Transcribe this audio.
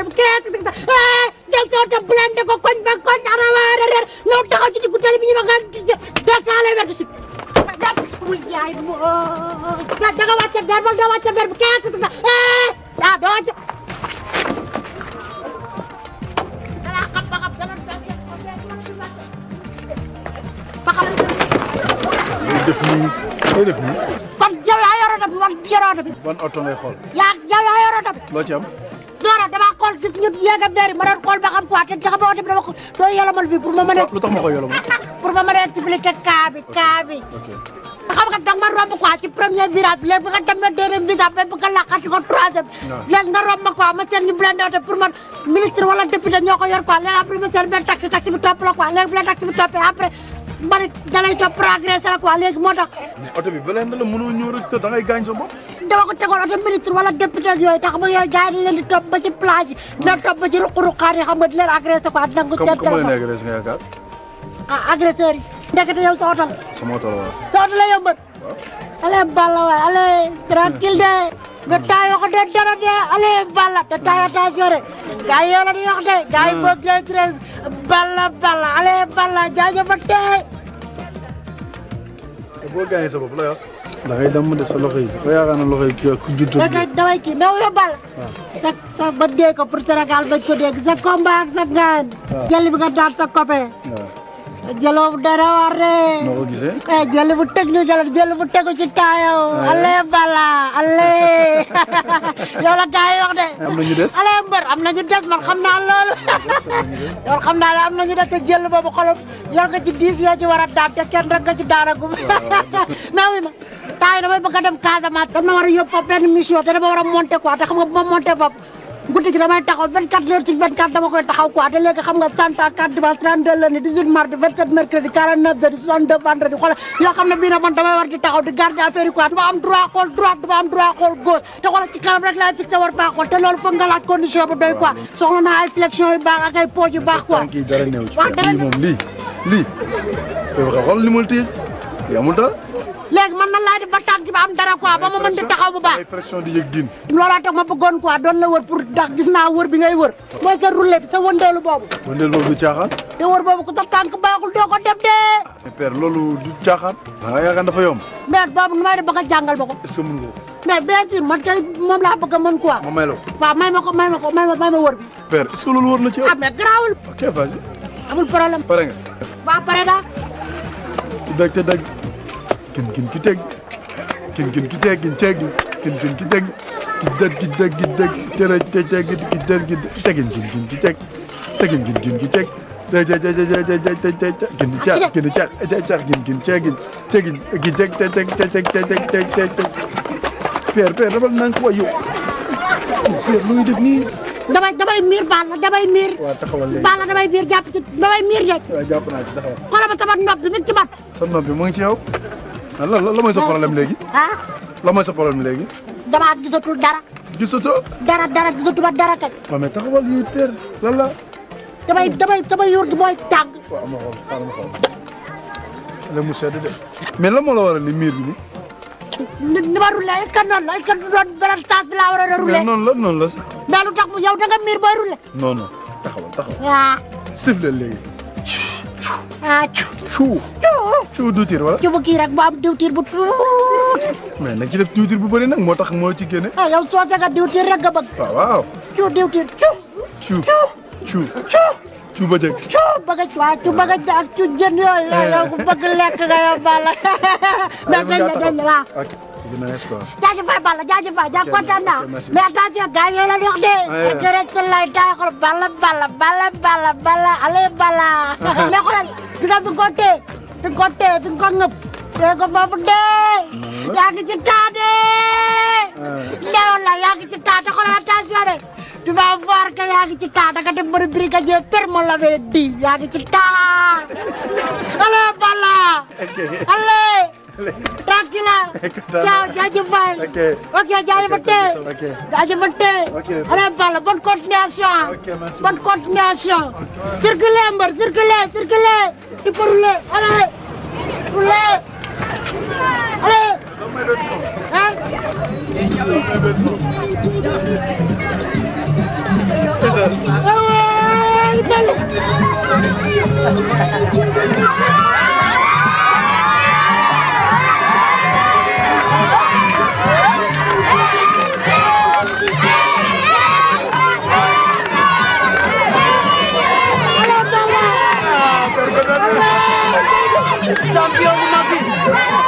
affaire bu kees eh, jël soo te blende ko koñ ba koñ ara waara reer ñëw taxaw ci diggu tali bi ñu ma der saa lay werdu si wuy yaay mo da nga wàcce der ba doo wàcce der bu kees ah eh, doo wàcce lii def nii looy def nii. kon yow yaa yor oto bi wala yoroo oto bi. ban oto ngay xool. yaa yow yaa yor oto bi. loo ci am. xool gis ñëpp yéeg a mairie ma doon xool ba xam quoi te taxaw dem dama ko doo yolomal fii pour ma mën a. lu tax ma koy yolomal. pour ma mën a expliquer cas bi cas bi. xam nga danga ma romb quoi ci premier virage bi léegi nga dem ba deuxième virage ba bëgg a laqati ko troisième. léegi nga romb ma quoi ma seen ñu blindé oto pour man ministre wala député ñoo ko yor quoi léegi après ma seen benn taxi taxi bi topp la quoi léegi bu la taxi bi toppee après. man da lay topp progressé la quoi léegi moo tax. mais oto bi bële na la mënoo ñëw rek te da ngay gaañ sa bopp. dama ko tegoon oto ministre wala député ak yooyu tax ba yooyu gars leen di topp ba ci plage topp ba ci ruq-ruqaat yi xam nga di leen agressé quoi. dina ko jël téléphone comme comme agressé ah, yow sa oto la. sama oto la waaw. sa nga taayoo ko de dara de ale balla da taayoo de gaa yi yow la di wax de gaa yi hmm. boo gee ci rek balla balla ale balla jaajëf tey boo gaañee sa bopp la yor da ngay damm de sa loxo yi ba yaakaar na yi kii ku judd da ngay daway kii naw yo bal sa ba dee ko pour Sénégal bañ ko dégg sa gaan jël bi nga sa copain jëloo bu dara war de. noo ko gisee. jël bu technique la jël bu tegu ci taayaw. ale bala ale yow la gars yi wax de. am na ñu des ale mbër am na man xam naa loolu. yow xam naa ne am na ñu des te jël boobu xolam yor nga ci diis yoo ci war a daan te kenn rek nga ci daanagum. naa wi ma. taay damay bëgg a dem Casamance. dama war a yóbbu ko benn mission te dama war a monter quoi te xam nga bu ma monter bopp. guddi gi damay taxaw 24 heures sur 24 dama koy taxaw quoi te léegi xam nga 34 dimanche 32 lundi 18 mardi 27 mercredi 49 jeudi 62 vendredi xoolal yoo xam ne bii nag damay war di taxaw di garder affaire yi quoi dama am droit xool droite dama am droit xool te xoolal ci kanam rek laay fixé war faa xool te loolu foog nga laaj condition doy quoi soxla naa ay flexion yu baax ak ay poj yu baax quoi. wax dara fii amul dara. léegi man nan laa def ba tànk bi am dara quoi ba ma mën di taxaw bu baax. ay pression di yëg diin. loolaa tax ma bëggoon quoi doon la wër pour ndax gis naa wër bi ngay wër. mooy sa roulé bi sa wëndeelu boobu. wëndeelu boobu du caaxaan. te wër boobu ku sa tànk baaxul doo ko def dee. mais père loolu du caaxaan. da nga dafa yomb. mais boobu nu may def ba nga jàngal ma ko. est-ce que mën nga ko. mais bien man kay moom laa bëgg a mën ko waaw may ma ko may ma wër bi. père est na ci yow. ah mais garaawul. ok vas-y. amul problème. pare nga. waaw pare daa. Gin ki dégg gin gin ki dégg gin teeg gin gin ki dégg gin dégg gin dégg gin dégg tere te teeg gin ki teg tegin gin gin te te te te te te te gin caat gin caat te te gin gin teegin tegin gin teg te teg te teg te teg ko yow père lu ngi def nii miir baal la miir. waaw taxawal léegi baal la damay miir jàpp ci damay miir de. waaw jàpp naa ci taxawal. xoolal bi mi ngi ci bat. bi mu ngi ci yow. Ah, lan lan mooy sa problème léegi. ah lan mooy sa problème léegi. damaa gisatul dara. gisatoo. dara dara gisatuma dara kay. waaw mais taxawal yi père lan la. damay damay damay yor gi mooy tàng. waaw ma xool de. mais lan moo la waral ni miir bi. ni ni ma roulé est la est-ce que doon beneen bi laa war a roulé. mais la noonu la sax. mais lu tax mu yow da miir booy roulé. non non taxawal taxawal. waaw. Ah. sifflé léegi. Ah, ciw diwtiir wala. ciw bu kii rek bu am diwtiir bu tuuti. mais moo tax moo ci génne. ah yow soo saga diwtiir rek nga bëgg. waaw waaw. ciw diwtiir ciw. ciw ciw ciw. cu bëgg. cu bëgg waaw cu bëgg ak cu jën yooyu. Eh. yow ku bëgg lekk nga yow Balla. mais dañ la dañ la waaw. ok jaajëf waay Balla de. Eh. rek rek sa lay taay xool fi nga ko téye fi nga ko ŋëpp téye ko yaa ngi ci taa dee. ndewoon ah. la yaa ngi ci taa te xoolal attention de tu vas yaa ngi ci taa da nga dem mën a brigadier permo la yaa ngi ci taa. Balla. allez. Dracula. Ciao, jaajëf Baye. ok ok jaajëf Baye. ok jaajëf Baye. ok allez Balla bonne continuation. ok merci bonne continuation. circulez mbër circulez circulez. il faut rouler allez. rouler. allez. ah. waaw waaw waaw champion bu mag bi